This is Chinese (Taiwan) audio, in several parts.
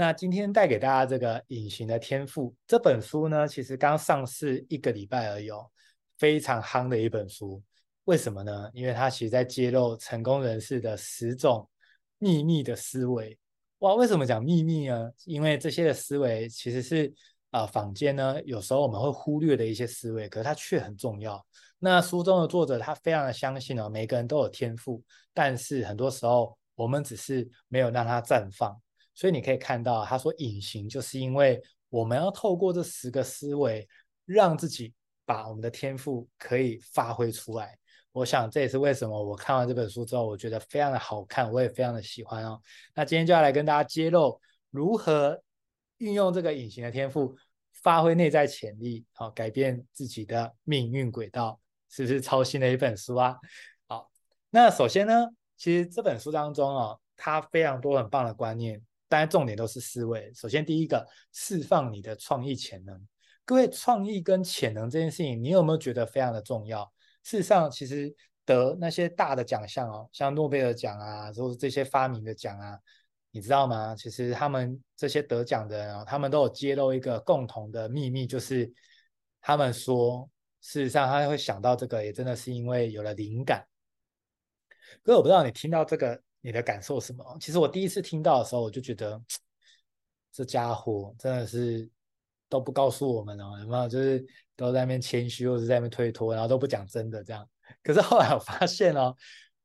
那今天帶給大家這個《隱形的天賦》這本書呢，其實剛上市一個禮拜而已哦，非常夯的一本書。為什麼呢？因為它其實在揭露成功人士的十種秘密的思維。哇，為什麼講秘密呢？因為這些的思維其實是啊，呃，坊間呢有時候我們會忽略的一些思維，可是它卻很重要。那書中的作者他非常的相信哦，每個人都有天賦，但是很多時候我們只是沒有讓它綻放。所以你可以看到，他說“隱形”就是因為我們要透過這十個思維，讓自己把我們的天賦可以發揮出來。我想這也是為什麼我看完這本書之後，我覺得非常的好看，我也非常的喜歡哦。那今天就要來跟大家揭露如何運用這個隱形的天賦，發揮內在潛力，好，改變自己的命運軌道，是不是超新的一本書啊？好，那首先呢，其實這本書當中啊，它非常多很棒的觀念。大家重點都是思維。首先，第一個，釋放你的創意潛能。各位，創意跟潛能這件事情，你有沒有覺得非常的重要？事實上，其實得那些大的獎項哦，像諾貝爾獎啊，就是這些發明的獎啊，你知道嗎？其實他們這些得獎的人，哦，他們都有揭露一個共同的秘密，就是他們說，事實上他會想到這個，也真的是因為有了靈感。各位，我不知道你聽到這個。你的感受什麼？其實我第一次聽到的時候，我就覺得這家伙真的是都不告訴我們哦，有沒有？就是都在那邊謙虛，或者在那邊推脫，然後都不講真的這樣。可是後來我發現哦，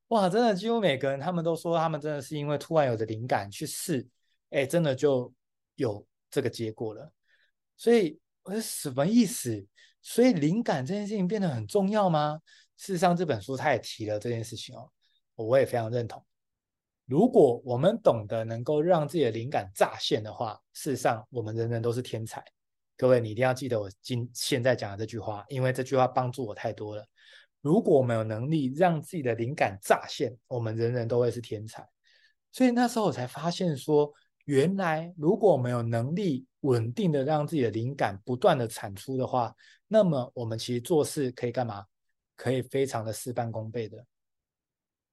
哇，真的幾乎每個人他們都說，他們真的是因為突然有的靈感去試，哎，真的就有這個結果了。所以我說什麼意思？所以靈感這件事情變得很重要嗎？事實上這本書他也提了這件事情哦，我，我也非常認同。如果我們懂得能夠讓自己的靈感乍現的話，事實上我們人人都是天才。各位，你一定要記得我今現在講的這句話，因為這句話幫助我太多了。如果我們有能力讓自己的靈感乍現，我們人人都會是天才。所以那時候我才發現說，原來如果我們有能力穩定的讓自己的靈感不斷的產出的話，那麼我們其實做事可以幹嘛？可以非常的事半功倍的。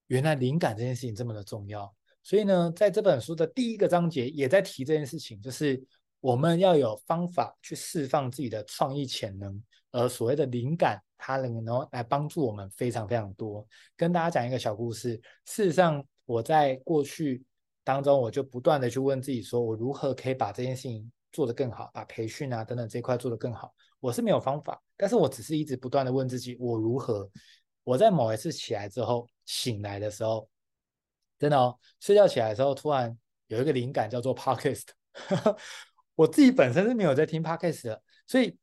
原來靈感這件事情這麼的重要。所以呢，在這本書的第一個章節也在提這件事情，就是我們要有方法去釋放自己的創意潛能，而所謂的靈感，它能夠來幫助我們非常非常多。跟大家講一個小故事，事實上我在過去當中，我就不斷的去問自己，說我如何可以把這件事情做得更好，把培訓啊等等這一塊做得更好，我是沒有方法，但是我只是一直不斷的問自己，我如何？我在某一次起來之後，醒來的時候。真的哦，睡覺起來的時候，突然有一個靈感叫做 “Podcast”。 我自己本身是沒有在聽 Podcast 的，所以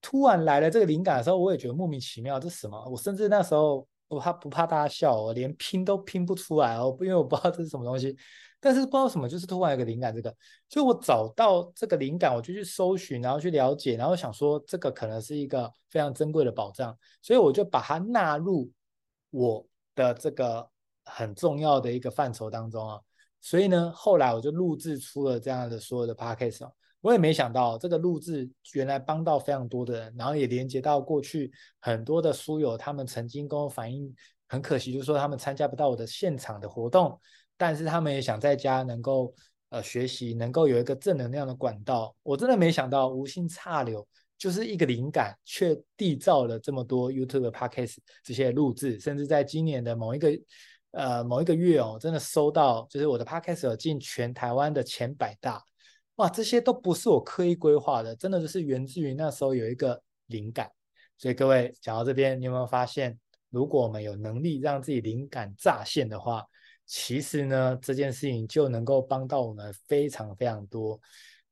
突然來了這個靈感的時候，我也覺得莫名其妙，這是什麼？我甚至那時候不怕不怕，大家笑，我連拼都拼不出來哦，因為我不知道這是什麼東西。但是不知道什麼，就是突然有一個靈感，這個，所以我找到這個靈感，我就去搜尋，然後去了解，然後想說這個可能是一個非常珍貴的寶藏，所以我就把它納入我的這個。很重要的一個範疇當中啊，所以呢，後來我就錄製出了這樣的所有的 podcast。我也沒想到，這個錄製原來幫到非常多的人，然後也連接到過去很多的書友，他們曾經跟我反映，很可惜就是說他們參加不到我的現場的活動，但是他們也想在家能夠呃學習，能夠有一個正能量的管道。我真的沒想到，無心插柳就是一個靈感，卻締造了這麼多 YouTube podcast 這些錄製，甚至在今年的某一個。呃，某一個月哦，真的收到，就是我的 podcast 有進全台灣的前百大，哇，這些都不是我刻意規劃的，真的就是源自於那時候有一個靈感。所以各位講到這邊，你有沒有發現，如果我們有能力讓自己靈感乍現的話，其實呢，這件事情就能夠幫到我們非常非常多。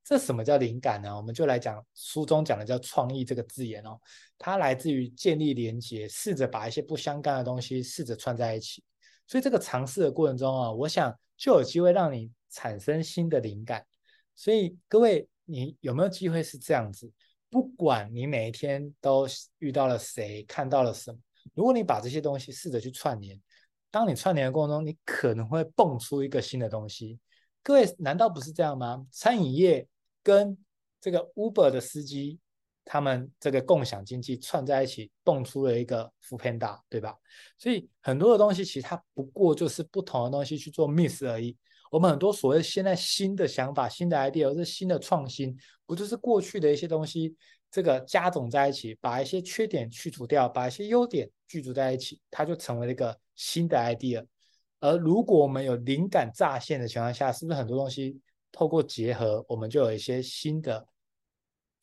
這什麼叫靈感呢？我們就來講書中講的叫創意這個字眼哦，它來自於建立連接，試着把一些不相干的東西試着串在一起。所以這個嘗試的過程中啊，我想就有機會讓你產生新的靈感。所以各位，你有沒有機會是這樣子？不管你每一天都遇到了誰，看到了什麼，如果你把這些東西試着去串聯，當你串聯的過程中，你可能會蹦出一個新的東西。各位，難道不是這樣嗎？餐飲業跟這個 Uber 的司機。他們這個共享經濟串在一起，蹦出了一個 foodpanda，對吧？所以很多的東西其實它不過就是不同的東西去做 mix 而已。我們很多所謂現在新的想法、新的 idea 或者是新的創新，不就是過去的一些東西這個加總在一起，把一些缺點去除掉，把一些優點聚集在一起，它就成為了一個新的 idea。而如果我們有靈感乍現的情況下，是不是很多東西透過結合，我們就有一些新的？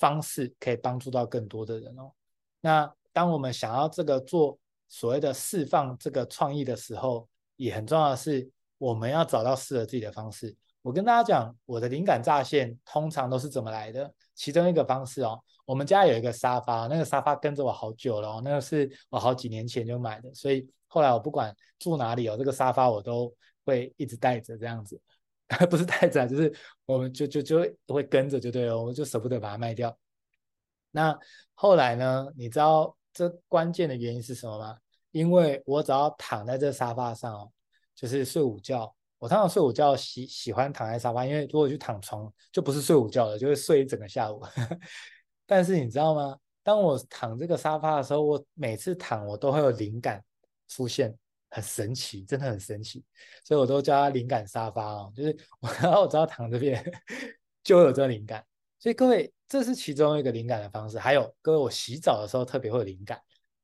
方式可以幫助到更多的人哦。那當我們想要這個做所謂的釋放這個創意的時候，也很重要的是我們要找到適合自己的方式。我跟大家講，我的靈感乍現通常都是怎麼來的？其中一個方式哦，我們家有一個沙發，那個沙發跟着我好久了哦，那個是我好幾年前就買的，所以後來我不管住哪裡哦，這個沙發我都會一直帶着這樣子。 不是太窄，就是我們就就就會跟着就對了，我們就捨不得把它賣掉。那後來呢？你知道這關鍵的原因是什麼嗎？因為我只要躺在這個沙發上哦，就是睡午覺。我通常睡午覺喜喜歡躺在沙發，因為如果去躺床，就不是睡午覺了，就會睡一整個下午。 但是你知道嗎？當我躺這個沙發的時候，我每次躺我都會有靈感出現。很神奇，真的很神奇，所以我都叫他靈感沙發哦，就是我然後我只要躺這邊，就有這個靈感。所以各位，這是其中一個靈感的方式。還有，各位，我洗澡的時候特別會靈感，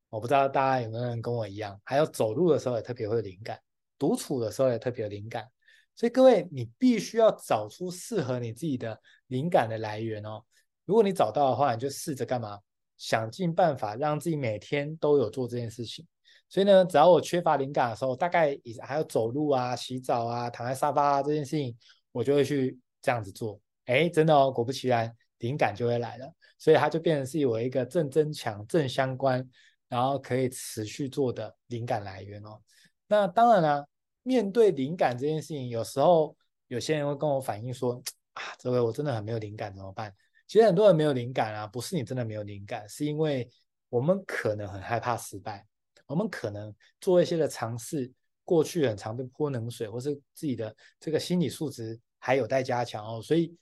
我不知道大家有沒有人跟我一樣。還有走路的時候也特別會靈感，獨處的時候也特別靈感。所以各位，你必須要找出適合你自己的靈感的來源哦。如果你找到的話，你就試着幹嘛？想盡辦法讓自己每天都有做這件事情。所以呢，只要我缺乏靈感的時候，大概還要走路啊、洗澡啊、躺在沙發啊這件事情，我就會去這樣子做。哎，真的哦，果不其然，靈感就會來了。所以它就變成是有一個正增強、正相關，然後可以持續做的靈感來源哦。那當然啦、啊，面對靈感這件事情，有時候有些人會跟我反映說：“啊，這位我真的很沒有靈感，怎麼辦？”其實很多人沒有靈感啊，不是你真的沒有靈感，是因為我們可能很害怕失敗。我們可能做一些的嘗試，過去很常被潑冷水，或是自己的這個心理素質還有待加強哦。所以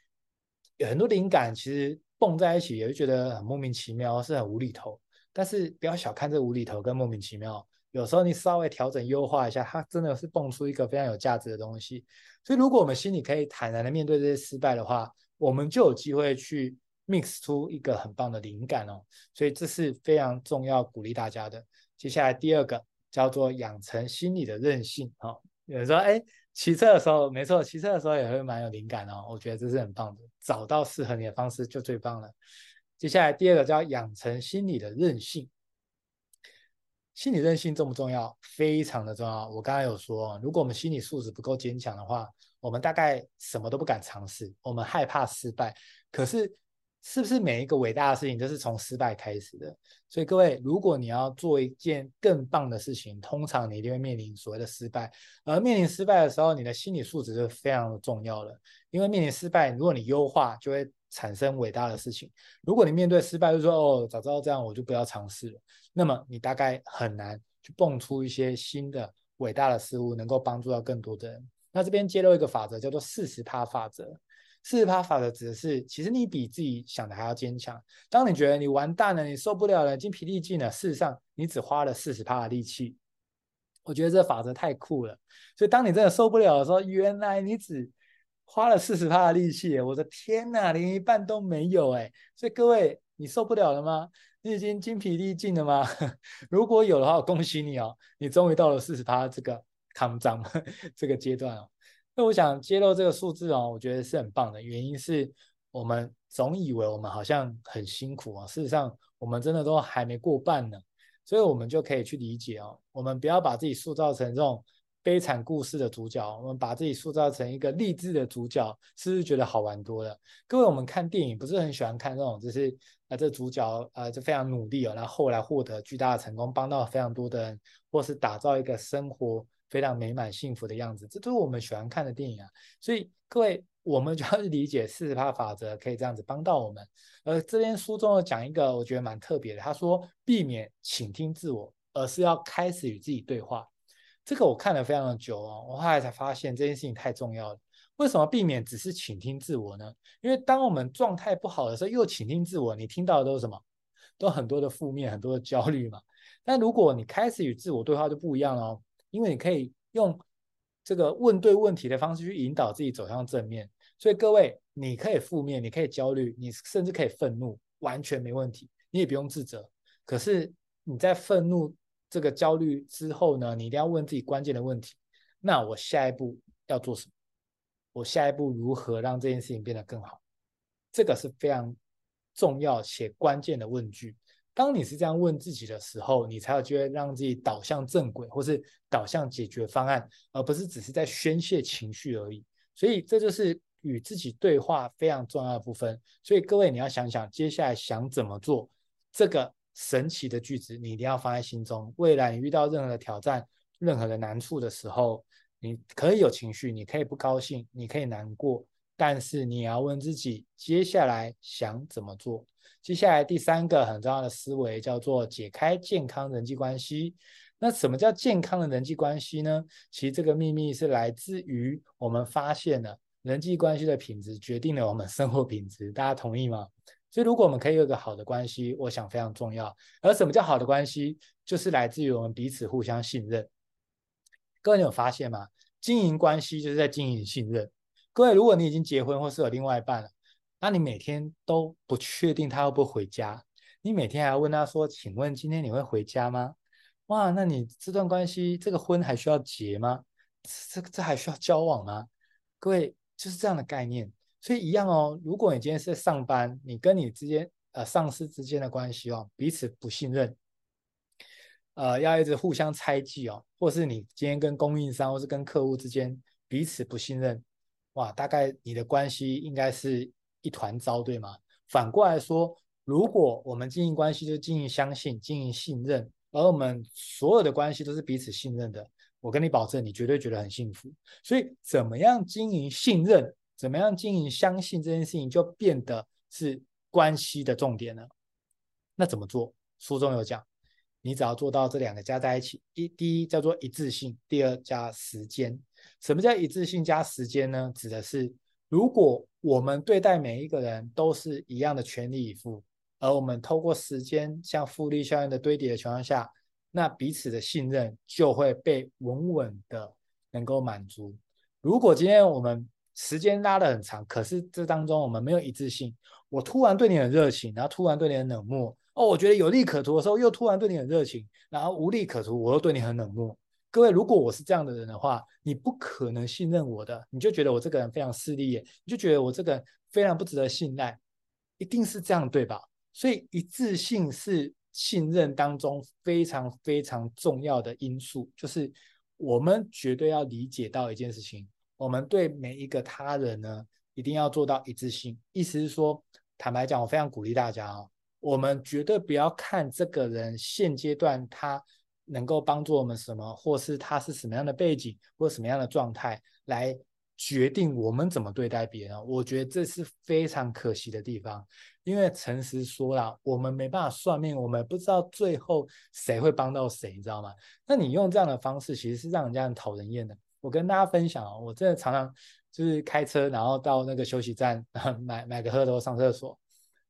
有很多靈感其實蹦在一起，也會覺得很莫名其妙，是很無厘頭。但是不要小看這無厘頭跟莫名其妙，有時候你稍微調整優化一下，它真的是蹦出一個非常有價值的東西。所以如果我們心裡可以坦然的面對這些失敗的話，我們就有機會去 mix 出一個很棒的靈感哦。所以這是非常重要，鼓勵大家的。接下來第二個叫做養成心理的韌性。哦，有人說，哎，騎車的時候，沒錯，騎車的時候也會蠻有靈感的哦。我覺得這是很棒的，找到適合你的方式就最棒了。接下來第二個叫養成心理的韌性。心理韌性重不重要？非常的重要。我剛才有說，如果我們心理素質不夠堅強的話，我們大概什麼都不敢嘗試，我們害怕失敗。可是是不是每一個偉大的事情都是從失敗開始的？所以各位，如果你要做一件更棒的事情，通常你一定會面臨所謂的失敗。而面臨失敗的時候，你的心理素質是非常重要的。因為面臨失敗，如果你優化，就會產生偉大的事情。如果你面對失敗就是說哦，早知道這樣我就不要嘗試了，那麼你大概很難去蹦出一些新的偉大的事物，能夠幫助到更多的人。那這邊揭露一個法則，叫做四十趴法則。四十趴法則指的是，其實你比自己想的還要堅強。當你覺得你完蛋了、你受不了了、精疲力盡了，事實上你只花了四十趴的力氣。我覺得這法則太酷了。所以當你真的受不了的時候，原來你只花了四十趴的力氣，我的天哪，連一半都沒有，欸，所以各位，你受不了了嗎？你已經精疲力盡了嗎？ 如果有的話，我恭喜你哦，你終於到了四十趴這個抗張這個階段哦。那我想揭露這個數字哦，我覺得是很棒的。原因是我們總以為我們好像很辛苦啊，哦，事實上我們真的都還沒過半呢。所以，我們就可以去理解哦，我們不要把自己塑造成這種悲慘故事的主角，我們把自己塑造成一個勵志的主角，是不是覺得好玩多了？各位，我們看電影不是很喜歡看這種，就是啊、呃，這主角啊、呃、就非常努力哦，然後，後來獲得巨大的成功，幫到非常多的人，或是打造一個生活。非常美滿幸福的樣子，這都是我們喜歡看的電影啊。所以各位，我們就要理解四十八法則可以這樣子幫到我們。呃，這邊書中講一個我覺得蠻特別的，他說避免傾聽自我，而是要開始與自己對話。這個我看了非常的久哦，我後來才發現這件事情太重要了。為什麼避免只是傾聽自我呢？因為當我們狀態不好的時候，又傾聽自我，你聽到的都是什麼？都很多的負面，很多的焦慮嘛。但如果你開始與自我對話，就不一樣了哦。因為你可以用這個問對問題的方式去引導自己走向正面，所以各位，你可以負面，你可以焦慮，你甚至可以憤怒，完全沒問題，你也不用自責。可是你在憤怒、這個焦慮之後呢，你一定要問自己關鍵的問題：那我下一步要做什麼？我下一步如何讓這件事情變得更好？這個是非常重要且關鍵的問句。當你是這樣問自己的時候，你才有機會讓自己導向正軌，或是導向解決方案，而不是只是在宣泄情緒而已。所以，這就是與自己對話非常重要的部分。所以，各位你要想想，接下來想怎麼做？這個神奇的句子你一定要放在心中。未來你遇到任何的挑戰、任何的難處的時候，你可以有情緒，你可以不高興，你可以難過，但是你要問自己，接下來想怎麼做？接下來第三個很重要的思維叫做解開健康人際關係。那什麼叫健康的人際關係呢？其實這個秘密是來自於我們發現了人際關係的品質決定了我們生活品質。大家同意嗎？所以如果我們可以有一個好的關係，我想非常重要。而什麼叫好的關係？就是來自於我們彼此互相信任。各位，你有發現嗎？經營關係就是在經營信任。各位，如果你已經結婚或是有另外一半了，那、啊、你每天都不確定他會不會回家，你每天還要問他說：“請問今天你會回家嗎？”哇，那你這段關係，這個婚還需要結嗎？這、這、這還需要交往嗎？各位，就是這樣的概念。所以一樣哦。如果你今天是在上班，你跟你之間呃上司之間的關係哦，彼此不信任，呃要一直互相猜忌哦，或是你今天跟供應商或是跟客戶之間彼此不信任，哇，大概你的關係應該是。一團糟，對嗎？反過來說，如果我們經營關係，就經營相信、經營信任，而我們所有的關係都是彼此信任的，我跟你保證，你絕對覺得很幸福。所以，怎麼樣經營信任？怎麼樣經營相信這件事情就變得是關係的重點呢？那怎麼做？書中有講，你只要做到這兩個加在一起：一，第一叫做一致性；第二加時間。什麼叫一致性加時間呢？指的是如果。我們對待每一個人都是一樣的全力以赴，而我們透過時間像複利效應的堆疊的情況下，那彼此的信任就會被穩穩的能夠滿足。如果今天我們時間拉得很長，可是這當中我們沒有一致性，我突然對你很熱情，然後突然對你很冷漠，哦，我覺得有利可圖的時候又突然對你很熱情，然後無利可圖，我又對你很冷漠。各位，如果我是這樣的人的話，你不可能信任我的，你就覺得我這個人非常勢利眼，你就覺得我這個人非常不值得信賴，一定是這樣對吧？所以一致性是信任當中非常非常重要的因素，就是我們絕對要理解到一件事情，我們對每一個他人呢，一定要做到一致性。意思是說，坦白講，我非常鼓勵大家哦，我們絕對不要看這個人現階段他。能夠幫助我們什麼，或是他是什麼樣的背景，或什麼樣的狀態，來決定我們怎麼對待別人啊。我覺得這是非常可惜的地方，因為誠實說了，我們沒辦法算命，我們也不知道最後誰會幫到誰，你知道嗎？那你用這樣的方式，其實是讓人家很討人厭的。我跟大家分享啊，我真的常常就是開車，然後到那個休息站買買個喝的，上廁所。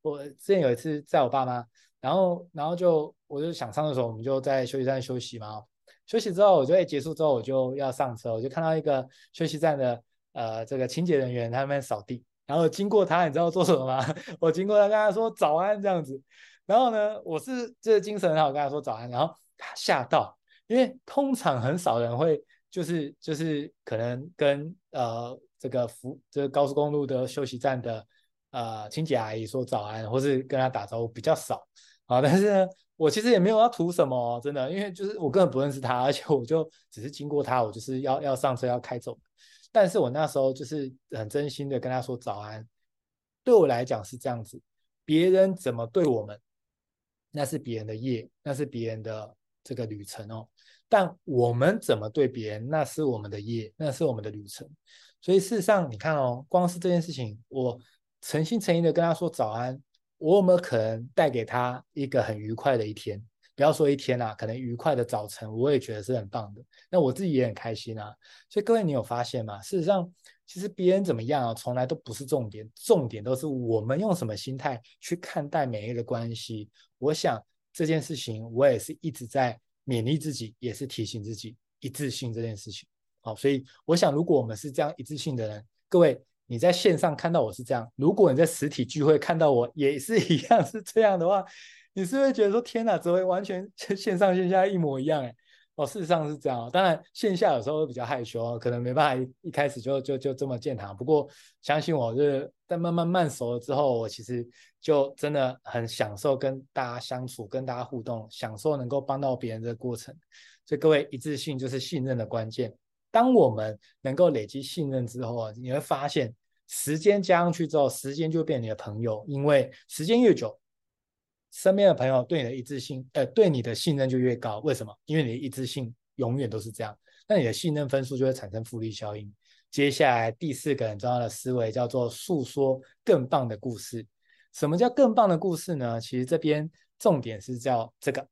我之前有一次在我爸媽。然後，然後就我就想上廁所，我們就在休息站休息嘛。休息之後，我就哎，結束之後我就要上車，我就看到一個休息站的呃這個清潔人員，他們掃地。然後經過他，你知道做什麼嗎？我經過他，跟他說早安這樣子。然後呢，我是這個精神很好，跟他說早安。然後他嚇到，因為通常很少人會就是就是可能跟呃這個福，這個高速公路的休息站的。呃，清潔阿姨說早安，或是跟她打招呼比較少啊。但是呢，我其實也沒有要圖什麼，真的，因為就是我根本不認識她，而且我就只是經過她，我就是要要上車要開走。但是我那時候就是很真心的跟她說早安，對我來講是這樣子。別人怎麼對我們，那是別人的業，那是別人的這個旅程哦。但我們怎麼對別人，那是我們的業，那是我們的旅程。所以事實上，你看哦，光是這件事情，我。誠心誠意的跟他說早安，我有沒有可能帶給他一個很愉快的一天？不要說一天啦，啊，可能愉快的早晨，我也覺得是很棒的。那我自己也很開心啊。所以各位，你有發現嗎？事實上，其實別人怎麼樣啊，從來都不是重點，重點都是我們用什麼心態去看待每一個關係。我想這件事情，我也是一直在勉勵自己，也是提醒自己一致性這件事情。好，所以我想，如果我們是這樣一致性的人，各位。你在線上看到我是這樣，如果你在實體聚會看到我也是一樣是這樣的話，你是不是覺得說天哪，怎麼會完全線上線下一模一樣，欸？哎，哦，事實上是這樣哦。當然線下有時候會比較害羞，可能沒辦法一，一開始就就就這麼健談。不過相信我，就是在慢慢慢熟了之後，我其實就真的很享受跟大家相處、跟大家互動，享受能夠幫到別人的過程。所以各位，一致性就是信任的關鍵。當我們能夠累積信任之後啊，你會發現時間加上去之後，時間就變你的朋友。因為時間越久，身邊的朋友對你的一致性，呃，對你的信任就越高。為什麼？因為你的一致性永遠都是這樣，那你的信任分數就會產生複利效應。接下來第四個很重要的思維叫做訴說更棒的故事。什麼叫更棒的故事呢？其實這邊重點是叫這個，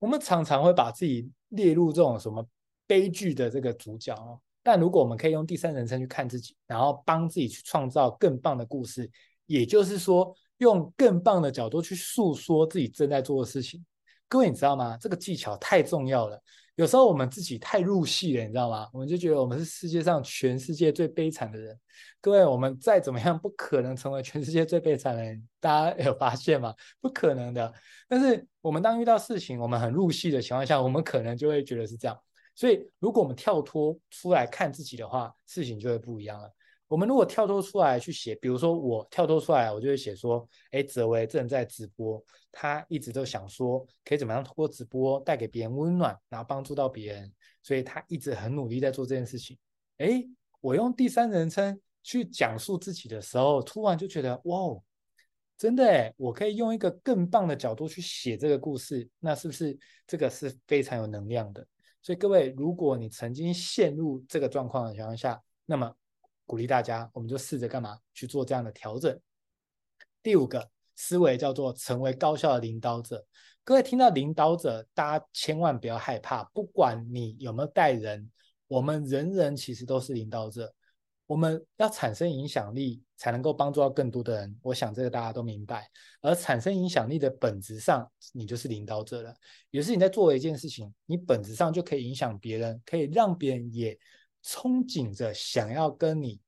我們常常會把自己列入這種什麼？悲劇的這個主角哦，但如果我們可以用第三人稱去看自己，然後幫自己去創造更棒的故事，也就是說，用更棒的角度去訴說自己正在做的事情。各位，你知道嗎？這個技巧太重要了。有時候我們自己太入戲了，你知道嗎？我們就覺得我們是世界上全世界最悲慘的人。各位，我們再怎麼樣不可能成為全世界最悲慘的人。大家有發現嗎？不可能的。但是我們當遇到事情，我們很入戲的情況下，我們可能就會覺得是這樣。所以，如果我們跳脫出來看自己的話，事情就會不一樣了。我們如果跳脫出來去寫，比如說我跳脫出來，我就會寫說：“哎，澤維正在直播，他一直都想說，可以怎麼樣通過直播帶給別人溫暖，然後幫助到別人，所以他一直很努力在做這件事情。”哎，我用第三人稱去講述自己的時候，突然就覺得哇哦，真的哎，我可以用一個更棒的角度去寫這個故事，那是不是這個是非常有能量的？所以各位，如果你曾經陷入這個狀況的情況下，那麼鼓勵大家，我們就試着幹嘛去做這樣的調整。第五個思維叫做成為高效的領導者。各位聽到領導者，大家千萬不要害怕，不管你有沒有帶人，我們人人其實都是領導者。我們要產生影響力，才能夠幫助到更多的人。我想這個大家都明白。而產生影響力的本質上，你就是領導者了。有時你在做一件事情，你本質上就可以影響別人，可以讓別人也憧憬着想要跟你，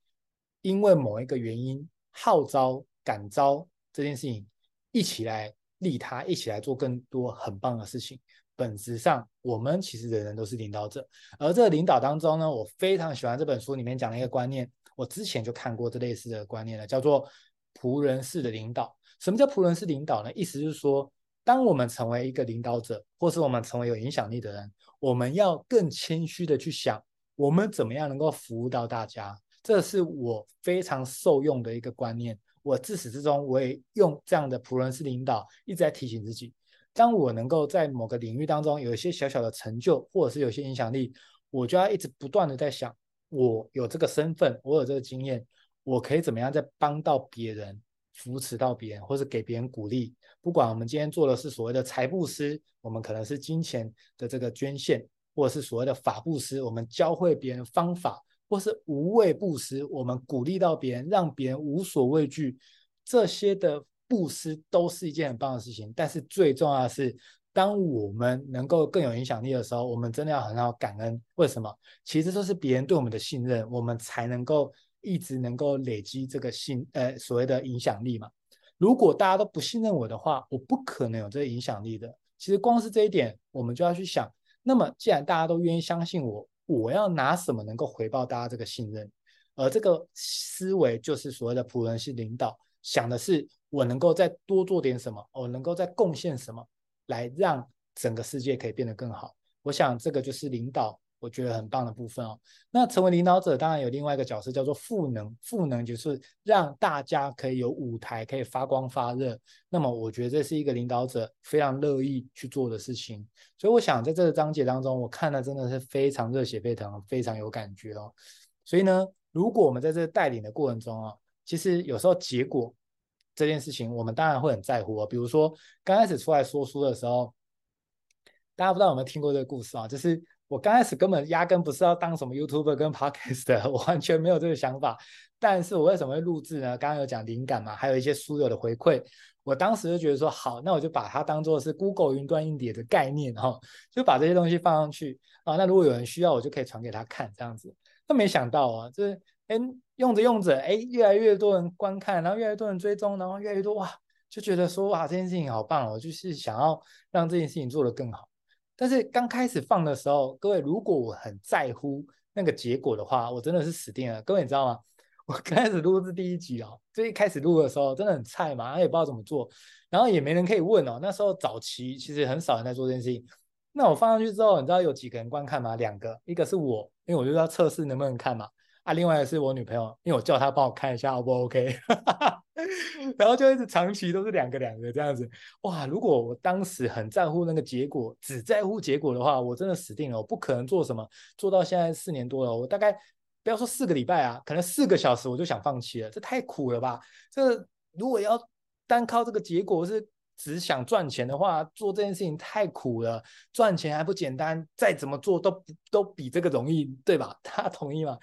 因為某一個原因號召、感召這件事情，一起來利他，一起來做更多很棒的事情。本質上，我們其實人人都是領導者。而這個領導當中呢，我非常喜歡這本書裡面講的一個觀念。我之前就看過這類似的觀念了，叫做僕人式的領導。什麼叫僕人式領導呢？意思就是說，當我們成為一個領導者，或是我們成為有影響力的人，我們要更謙虛的去想，我們怎麼樣能夠服務到大家。這是我非常受用的一個觀念。我自始至終，我也用這樣的僕人式領導一直在提醒自己。當我能夠在某個領域當中有一些小小的成就，或者是有些影響力，我就要一直不斷的在想，我有這個身份，我有這個經驗，我可以怎麼樣再幫到別人，扶持到別人，或是給別人鼓勵。不管我們今天做的是所謂的財布施，我們可能是金錢的這個捐獻，或是所謂的法布施，我們教會別人方法，或是無畏布施，我們鼓勵到別人，讓別人無所畏懼。這些的。布施都是一件很棒的事情，但是最重要的是，當我們能夠更有影響力的時候，我們真的要很好感恩。為什麼？其實都是別人對我們的信任，我們才能夠一直能夠累積這個信。呃，所謂的影響力嘛。如果大家都不信任我的話，我不可能有這個影響力的。其實光是這一點，我們就要去想。那麼既然大家都願意相信我，我要拿什麼能夠回報大家這個信任？而這個思維就是所謂的僕人式領導，想的是。我能夠再多做點什麼，我能夠再貢獻什麼，來讓整個世界可以變得更好。我想這個就是領導，我覺得很棒的部分哦。那成為領導者，當然有另外一個角色叫做賦能。賦能就是讓大家可以有舞台，可以發光發熱。那麼我覺得這是一個領導者非常樂意去做的事情。所以我想在這個章節當中，我看了真的是非常熱血沸騰，非常有感覺哦。所以呢，如果我們在這個帶領的過程中啊，其實有時候結果。這件事情我們當然會很在乎哦。比如說，剛開始出來說書的時候，大家不知道有沒有聽過這個故事啊？就是我剛開始根本壓根不是要當什麼 YouTuber 跟 Podcast，我完全沒有這個想法。但是我為什麼會錄製呢？剛剛有講靈感嘛，還有一些書友的回饋，我當時就覺得說，好，那我就把它當做是 Google 雲端硬碟的概念哈、哦，就把這些東西放上去啊、哦。那如果有人需要，我就可以傳給他看這樣子。那沒想到啊、哦，就是。哎，用着用着，哎，越來越多人觀看，然後越來越多人追蹤，然後越來越多哇，就覺得說哇，這件事情好棒哦，我就是想要讓這件事情做得更好。但是剛開始放的時候，各位，如果我很在乎那個結果的話，我真的是死定了。各位你知道嗎？我開始錄製第一集哦，最一開始錄的時候真的很菜嘛，然後也不知道怎麼做，然後也沒人可以問哦。那時候早期其實很少人在做這件事情。那我放上去之後，你知道有幾個人觀看嗎？兩個，一個是我，因為我就要測試能不能看嘛。啊、另外是我女朋友，因為我叫她幫我看一下 O 不 OK， 然後就一直長期都是兩個兩個這樣子。哇，如果我當時很在乎那個結果，只在乎結果的話，我真的死定了，我不可能做什麼。做到現在四年多了，我大概不要說四個禮拜啊，可能四個小時我就想放棄了，這太苦了吧？這如果要單靠這個結果是只想賺錢的話，做這件事情太苦了，賺錢還不簡單，再怎麼做都都比這個容易，對吧？她同意嗎？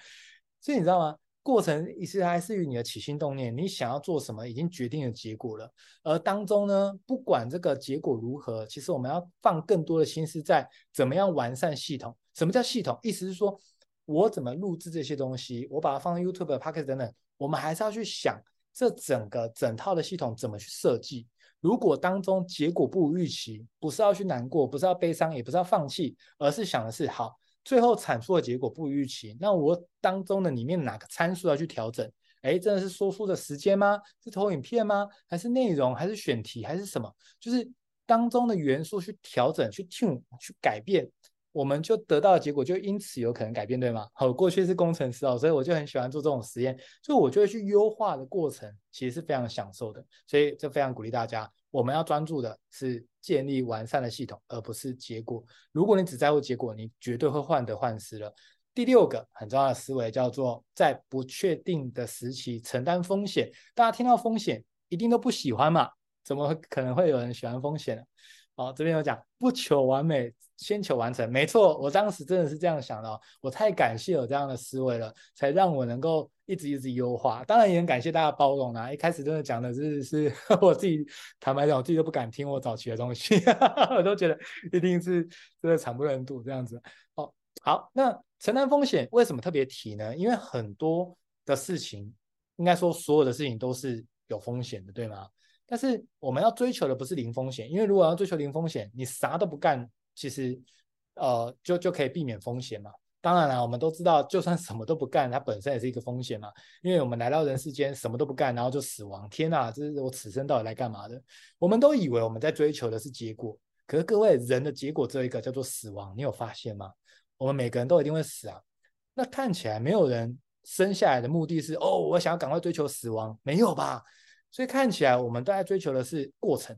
所以你知道嗎？過程意思還是與你的起心動念，你想要做什麼已經決定了結果了。而當中呢，不管這個結果如何，其實我們要放更多的心思在怎麼樣完善系統。什麼叫系統？意思是說我怎麼錄制這些東西，我把它放在 YouTube、Podcast 等等，我們還是要去想這整個整套的系統怎麼去設計。如果當中結果不如預期，不是要去難過，不是要悲傷，也不是要放棄，而是想的是好。最後產出的結果不預期，那我當中的裡面哪個參數要去調整？哎,真的是輸出的時間嗎？是投影片嗎？還是內容？還是選題？還是什麼？就是當中的元素去調整、去聽、去改變，我們就得到的結果就因此有可能改變，對嗎？好，過去是工程師哦，所以我就很喜歡做這種實驗，所以我覺得去優化的過程其實是非常享受的，所以就非常鼓勵大家，我們要專注的是。建立完善的系統，而不是結果。如果你只在乎結果，你絕對會患得患失的。第六個很重要的思維叫做在不確定的時期承擔風險。大家聽到風險一定都不喜歡嘛？怎麼可能會有人喜歡風險呢？好，哦，這邊有講不求完美，先求完成。沒錯，我當時真的是這樣想的哦。我太感謝有這樣的思維了，才讓我能夠一直一直優化。當然也很感謝大家包容啊。一開始真的講的是，是我自己坦白講，我自己都不敢聽我早期的東西， 我都覺得一定是真的慘不忍睹這樣子。哦，好，那承擔風險為什麼特別提呢？因為很多的事情，應該說所有的事情都是有風險的，對嗎？但是我們要追求的不是零風險，因為如果要追求零風險，你啥都不幹，其實呃，就就可以避免風險嘛。當然啦，我們都知道，就算什麼都不幹，它本身也是一個風險嘛。因為我們來到人世間，什麼都不幹，然後就死亡。天吶，這是我此生到底來幹嘛的？我們都以為我們在追求的是結果，可是各位，人的結果只有一個叫做死亡，你有發現嗎？我們每個人都一定會死啊。那看起來沒有人生下來的目的是哦，我想要趕快追求死亡，沒有吧？所以看起來，我們都在追求的是過程，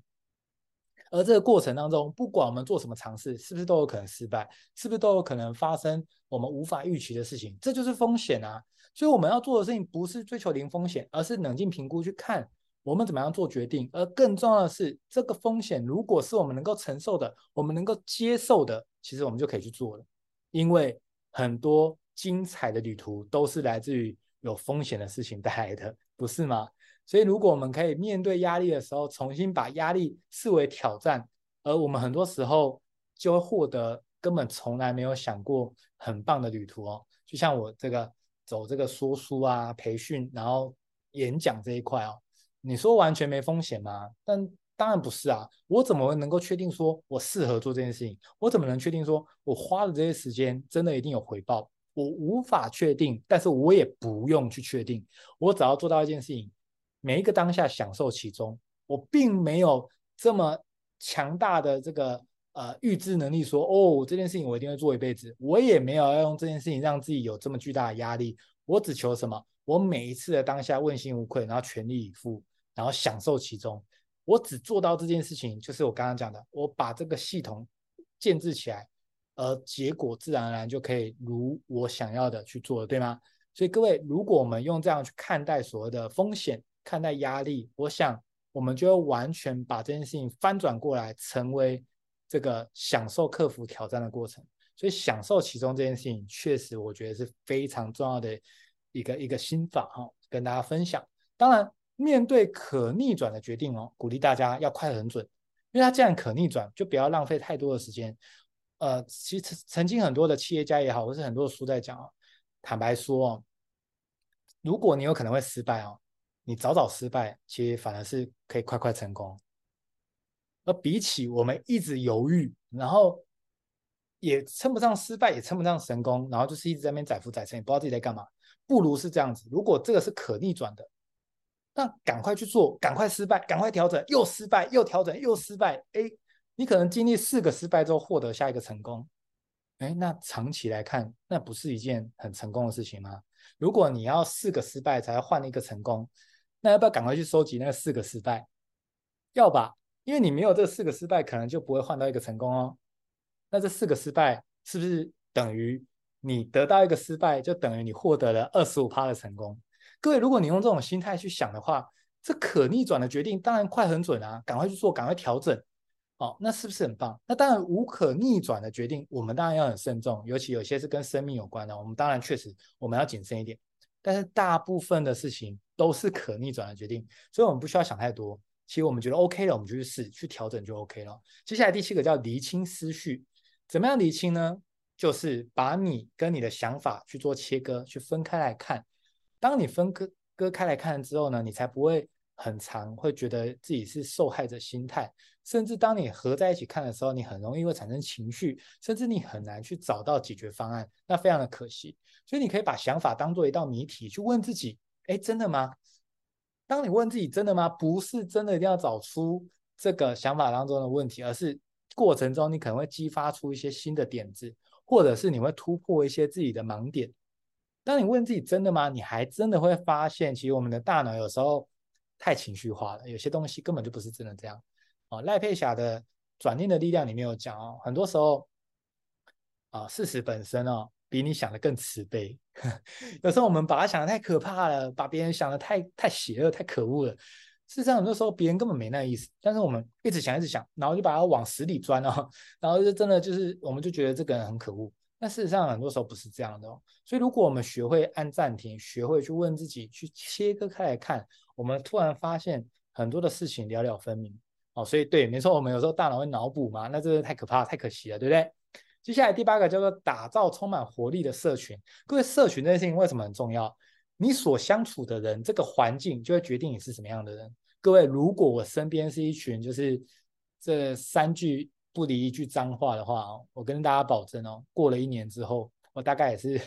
而這個過程當中，不管我們做什麼嘗試，是不是都有可能失敗，是不是都有可能發生我們無法預期的事情，這就是風險啊！所以我們要做的事情不是追求零風險，而是冷靜評估，去看我們怎麼樣做決定。而更重要的是，這個風險如果是我們能夠承受的，我們能夠接受的，其實我們就可以去做了。因為很多精彩的旅途都是來自於有風險的事情帶來的，不是嗎？所以，如果我們可以面對壓力的時候，重新把壓力視為挑戰，而我們很多時候就會獲得根本從來沒有想過很棒的旅途哦。就像我這個走這個說書啊、培訓，然後演講這一塊哦，你說完全沒風險嗎？但當然不是啊！我怎麼能夠確定說我適合做這件事情？我怎麼能確定說我花的這些時間真的一定有回報？我無法確定，但是我也不用去確定，我只要做到一件事情。每一個當下享受其中，我並沒有這麼強大的這個呃預知能力說，說哦這件事情我一定會做一輩子，我也沒有要用這件事情讓自己有這麼巨大的壓力。我只求什麼？我每一次的當下問心無愧，然後全力以赴，然後享受其中。我只做到這件事情，就是我剛剛講的，我把這個系統建制起來，呃，結果自然而然就可以如我想要的去做了，對嗎？所以各位，如果我們用這樣去看待所謂的風險，看待壓力，我想我們就完全把這件事情翻轉過來，成為這個享受克服挑戰的過程。所以享受其中這件事情，確實我覺得是非常重要的一個一個心法哈、哦，跟大家分享。當然，面對可逆轉的決定哦，鼓勵大家要快狠準，因為它既然可逆轉，就不要浪費太多的時間。呃，其實曾經很多的企業家也好，或是很多的書在講哦，坦白說哦，如果你有可能會失敗哦。你早早失敗，其實反而是可以快快成功。而比起我們一直猶豫，然後也稱不上失敗，也稱不上成功，然後就是一直在那邊載浮載沉，也不知道自己在幹嘛，不如是這樣子。如果這個是可逆轉的，那趕快去做，趕快失敗，趕快調整，又失敗，又調整，又失敗。誒，你可能經歷四個失敗之後獲得下一個成功。誒，那長期來看，那不是一件很成功的事情嗎？如果你要四個失敗才要換一個成功。那要不要趕快去收集那四個失敗？要吧，因為你沒有這四個失敗，可能就不會換到一個成功哦。那這四個失敗是不是等於你得到一個失敗，就等於你獲得了二十五趴的成功？各位，如果你用這種心態去想的話，這可逆轉的決定當然快很準啊，趕快去做，趕快調整，哦。那是不是很棒？那當然，無可逆轉的決定，我們當然要很慎重，尤其有些是跟生命有關的，我們當然確實我們要謹慎一點。但是大部分的事情都是可逆轉的決定，所以我們不需要想太多。其實我們覺得 OK 了，我們就去試，去調整就 OK 了。接下來第七個叫釐清思緒，怎麼樣釐清呢？就是把你跟你的想法去做切割，去分開來看。當你分割割開來看之後呢，你才不會。很常會覺得自己是受害者心態，甚至當你合在一起看的時候，你很容易會產生情緒，甚至你很難去找到解決方案，那非常的可惜。所以你可以把想法當做一道謎題去問自己：哎，真的嗎？當你問自己真的嗎？不是真的，一定要找出這個想法當中的問題，而是過程中你可能會激發出一些新的點子，或者是你會突破一些自己的盲點。當你問自己真的嗎？你還真的會發現，其實我們的大腦有時候。太情緒化了，有些東西根本就不是真的這樣。啊、哦，賴佩霞的轉念的力量裡面有講哦，很多時候啊，事實本身哦，比你想的更慈悲。 有時候我們把它想的太可怕了，把別人想的太太邪惡、太可惡了。事實上，很多時候別人根本沒那意思。但是我們一直想、一直想，然後就把它往死裡鑽啊、哦，然後就真的就是，我們就覺得這個人很可惡。但事實上，很多時候不是這樣的、哦。所以，如果我們學會按暫停，學會去問自己，去切割開來看。我們突然發現很多的事情寥寥分明，哦。所以，對，沒錯，我們有時候大腦會腦補嘛，那真是太可怕，太可惜了，對不對？接下來第八個叫做打造充滿活力的社群。各位，社群這件事情為什麼很重要？你所相處的人，這個環境就會決定你是什麼樣的人。各位，如果我身邊是一群就是這三句不離一句髒話的話，我跟大家保證哦，過了一年之後，我大概也是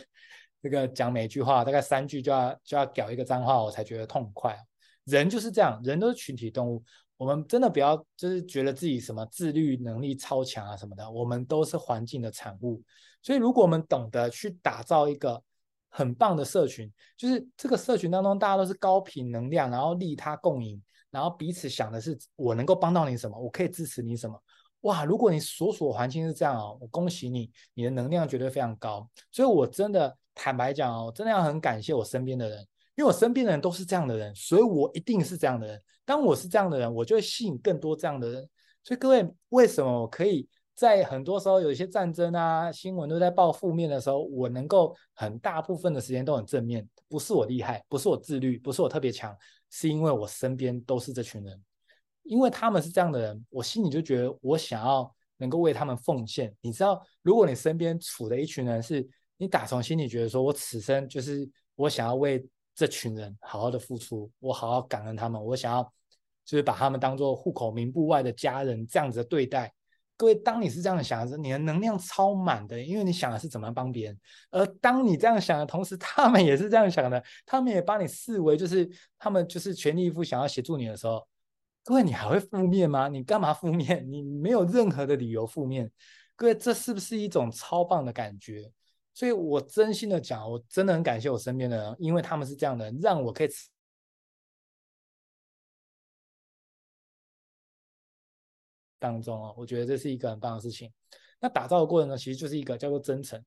這個講每一句話大概三句就要就要屌一個髒話，我才覺得痛快。人就是這樣，人都是群體動物。我們真的不要就是覺得自己什麼自律能力超強啊，什麼的，我們都是環境的產物。所以，如果我們懂得去打造一個很棒的社群，就是這個社群當中大家都是高頻能量，然後利他共贏，然後彼此想的是我能夠幫到你什麼，我可以支持你什麼。哇，如果你所處環境是這樣哦，我恭喜你，你的能量絕對非常高。所以我真的坦白講哦，我真的要很感謝我身邊的人。因為我身邊的人都是這樣的人，所以我一定是這樣的人。當我是這樣的人，我就會吸引更多這樣的人。所以各位，為什麼我可以，在很多時候有一些戰爭啊、新聞都在報負面的時候，我能夠很大部分的時間都很正面？不是我厲害，不是我自律，不是我特別強，是因為我身邊都是這群人，因為他們是這樣的人，我心裡就覺得我想要能夠為他們奉獻。你知道，如果你身邊處的一群人是你打從心裡覺得說我此生就是我想要為。這群人好好的付出，我好好感恩他們。我想要就是把他們當做戶口名簿外的家人這樣子的對待。各位，當你是這樣想的時候，你的能量超滿的，因為你想的是怎麼幫別人。而當你這樣想的同時，他們也是這樣想的，他們也把你視為就是他們就是全力以赴想要協助你的時候，各位，你還會負面嗎？你幹嘛負面？你沒有任何的理由負面。各位，這是不是一種超棒的感覺？所以我真心的講，我真的很感謝我身邊的人，因為他們是這樣的人，讓我可以當中哦，我覺得這是一個很棒的事情。那打造的過程呢，其實就是一個叫做真誠，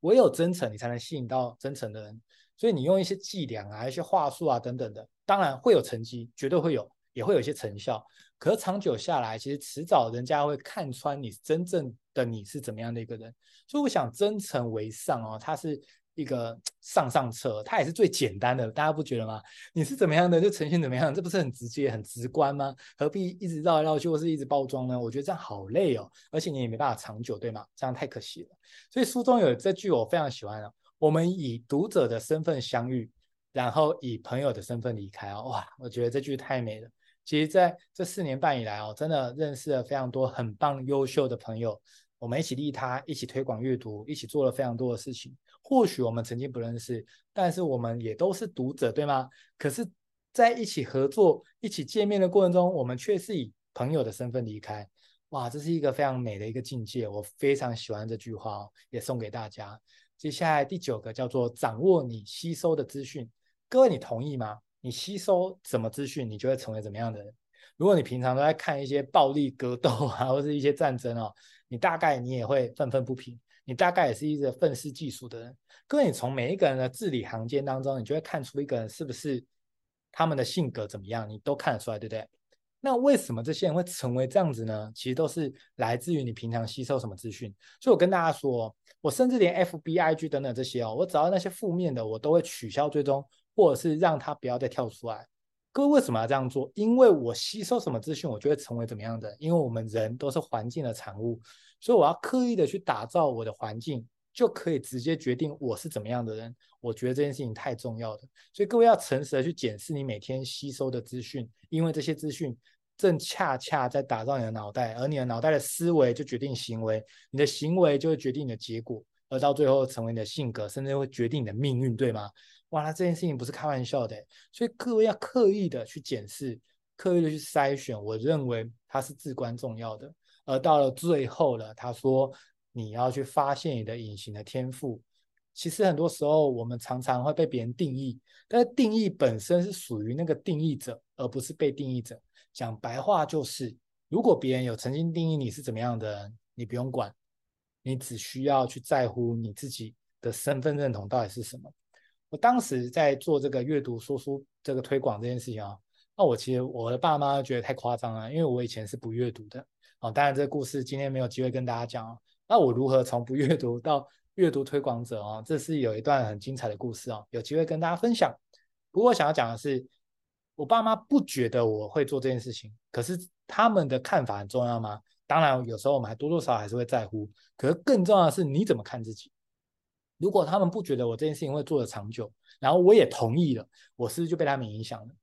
唯有真誠，你才能吸引到真誠的人。所以你用一些伎倆啊、一些話術啊等等的，當然會有成績，絕對會有，也會有一些成效。可是長久下來，其實遲早人家會看穿你真正的你是怎麼樣的一個人？所以我想真誠為上哦，他是一個上上策，他也是最簡單的，大家不覺得嗎？你是怎麼樣的，就呈現怎麼樣，這不是很直接、很直觀嗎？何必一直繞來繞去，或是一直包裝呢？我覺得這樣好累哦，而且你也沒辦法長久，對嗎？這樣太可惜了。所以書中有這句我非常喜歡啊，我們以讀者的身份相遇，然後以朋友的身份離開哦。哇，我覺得這句太美了。其實在這四年半以來哦，真的認識了非常多很棒、優秀的朋友。我們一起利他，一起推廣閱讀，一起做了非常多的事情。或許我們曾經不認識，但是我們也都是讀者，對嗎？可是在一起合作、一起見面的過程中，我們卻是以朋友的身份離開。哇，這是一個非常美的一個境界。我非常喜歡這句話哦，也送給大家。接下來第九個叫做掌握你吸收的資訊。各位，你同意嗎？你吸收什麼資訊，你就會成為怎麼樣的人？如果你平常都在看一些暴力格鬥啊，或者是一些戰爭哦啊。你大概你也會憤憤不平，你大概也是一個憤世嫉俗的人。哥，你從每一個人的字裡行間當中，你就會看出一個人是不是他們的性格怎麼樣，你都看得出來，對不對？那為什麼這些人會成為這樣子呢？其實都是來自於你平常吸收什麼資訊。所以我跟大家說，我甚至連 F B I G 等等這些哦，我只要那些負面的，我都會取消追蹤，或者是讓他不要再跳出來。各位為什麼要這樣做？因為我吸收什麼資訊，我就會成為怎麼樣的。因為我們人都是環境的產物，所以我要刻意的去打造我的環境，就可以直接決定我是怎麼樣的人。我覺得這件事情太重要了，所以各位要誠實的去檢視你每天吸收的資訊，因為這些資訊正恰恰在打造你的腦袋，而你的腦袋的思維就決定行為，你的行為就會決定你的結果。而到最後成為你的性格，甚至會決定你的命運，對嗎？哇，那這件事情不是開玩笑的，所以各位要刻意的去檢視，刻意的去篩選，我認為它是至關重要的。而到了最後呢，他說你要去發現你的隱形的天賦。其實很多時候我們常常會被別人定義，但是定義本身是屬於那個定義者，而不是被定義者。講白話就是，如果別人有曾經定義你是怎麼樣的人，你不用管。你只需要去在乎你自己的身份認同到底是什麼？我當時在做這個閱讀說書這個推廣這件事情啊，那我其實我的爸媽覺得太誇張了，因為我以前是不閱讀的啊、哦。當然，這個故事今天沒有機會跟大家講啊。那我如何從不閱讀到閱讀推廣者啊？這是有一段很精彩的故事啊，有機會跟大家分享。不過，我想要講的是，我爸媽不覺得我會做這件事情，可是他們的看法很重要嗎？當然，有時候我們還多多少少還是會在乎。可是更重要的是，你怎麼看自己？如果他們不覺得我這件事情會做得長久，然後我也同意了，我是不是就被他們影響了？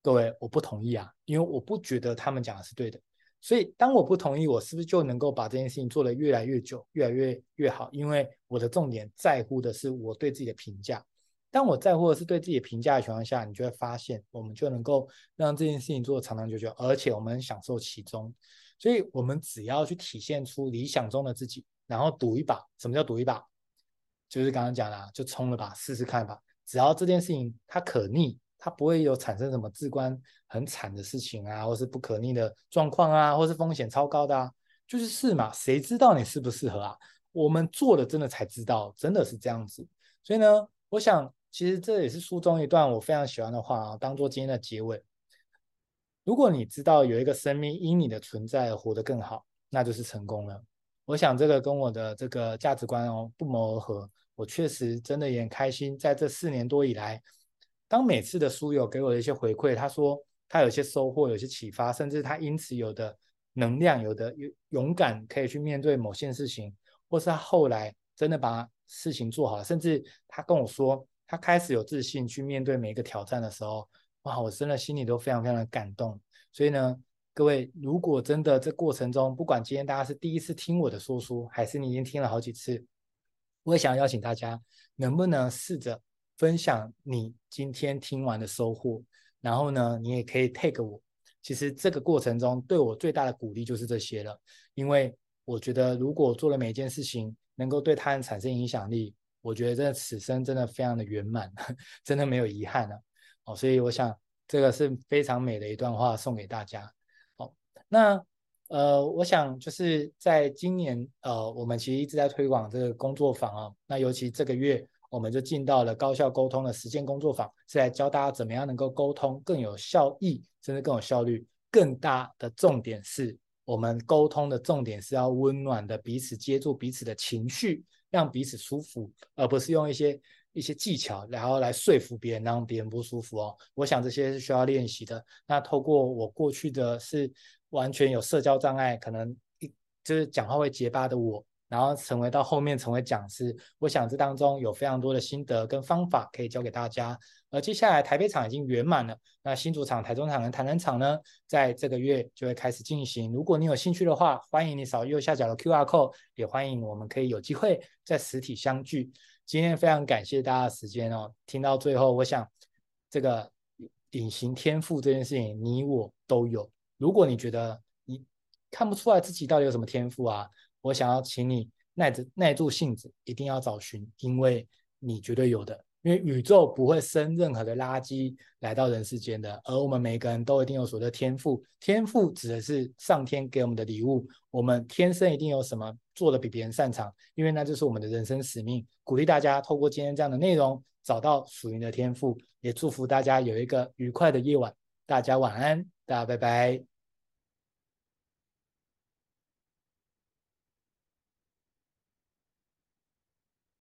各位，我不同意啊，因為我不覺得他們講的是對的。所以，當我不同意，我是不是就能夠把這件事情做得越來越久，越來越越好？因為我的重點在乎的是我對自己的評價。當我在乎的是對自己的評價的情況下，你就會發現，我們就能夠讓這件事情做得長長久久，而且我們享受其中。所以，我們只要去體現出理想中的自己，然後賭一把。什麼叫賭一把？就是剛剛講的啊，就衝了吧，試試看吧。只要這件事情它可逆，它不會有產生什麼至關很慘的事情啊，或是不可逆的狀況啊，或是風險超高的啊，就是試嘛。誰知道你適不適合啊？我們做了，真的才知道，真的是這樣子。所以呢，我想，其實這也是書中一段我非常喜歡的話啊，當做今天的結尾。如果你知道有一個生命因你的存在而活得更好，那就是成功了。我想這個跟我的這個價值觀哦，不謀而合。我確實真的也很開心，在這四年多以來，當每次的書友給我的一些回饋，他說他有些收穫，有些啟發，甚至他因此有的能量，有的勇勇敢可以去面對某件事情，或是他後來真的把事情做好了，甚至他跟我說，他開始有自信去面對每一個挑戰的時候。哇，我真的心裡都非常非常的感動。所以呢，各位，如果真的這過程中，不管今天大家是第一次聽我的說書，還是你已經聽了好幾次，我也想要邀請大家，能不能試着分享你今天聽完的收穫？然後呢，你也可以 take 我。其實這個過程中對我最大的鼓勵就是這些了，因為我覺得如果做了每一件事情能夠對他人產生影響力，我覺得真的此生真的非常的圓滿，呵呵，真的沒有遺憾了啊。哦，所以我想這個是非常美的一段話送給大家。哦，那呃，我想就是在今年呃，我們其實一直在推廣這個工作坊啊、哦。那尤其這個月，我們就進到了高效溝通的實踐工作坊，是來教大家怎麼樣能夠溝通更有效益，甚至更有效率。更大的重點是我們溝通的重點是要溫暖的彼此接觸，接住彼此的情緒，讓彼此舒服，而不是用一些。一些技巧，然後來說服別人，讓別人不舒服哦。我想這些是需要練習的。那透過我過去的是完全有社交障礙，可能一就是講話會結巴的我，然後成為到後面成為講師。我想這當中有非常多的心得跟方法可以教給大家。而接下來台北場已經圓滿了，那新竹場台中場跟台南場呢，在這個月就會開始進行。如果你有興趣的話，歡迎你掃右下角的 QR code，也歡迎我們可以有機會在實體相聚。今天非常感謝大家的時間哦。聽到最後，我想這個隱形天賦這件事情，你我都有。如果你覺得你看不出來自己到底有什麼天賦啊，我想要請你耐着耐住性子，一定要找尋，因為你絕對有的。因為宇宙不會生任何的垃圾來到人世間的，而我們每個人都一定有所謂的天賦。天賦指的是上天給我們的禮物，我們天生一定有什麼做得比別人擅長，因為那就是我們的人生使命。鼓勵大家透過今天這樣的內容，找到屬於你的天賦，也祝福大家有一個愉快的夜晚。大家晚安，大家拜拜。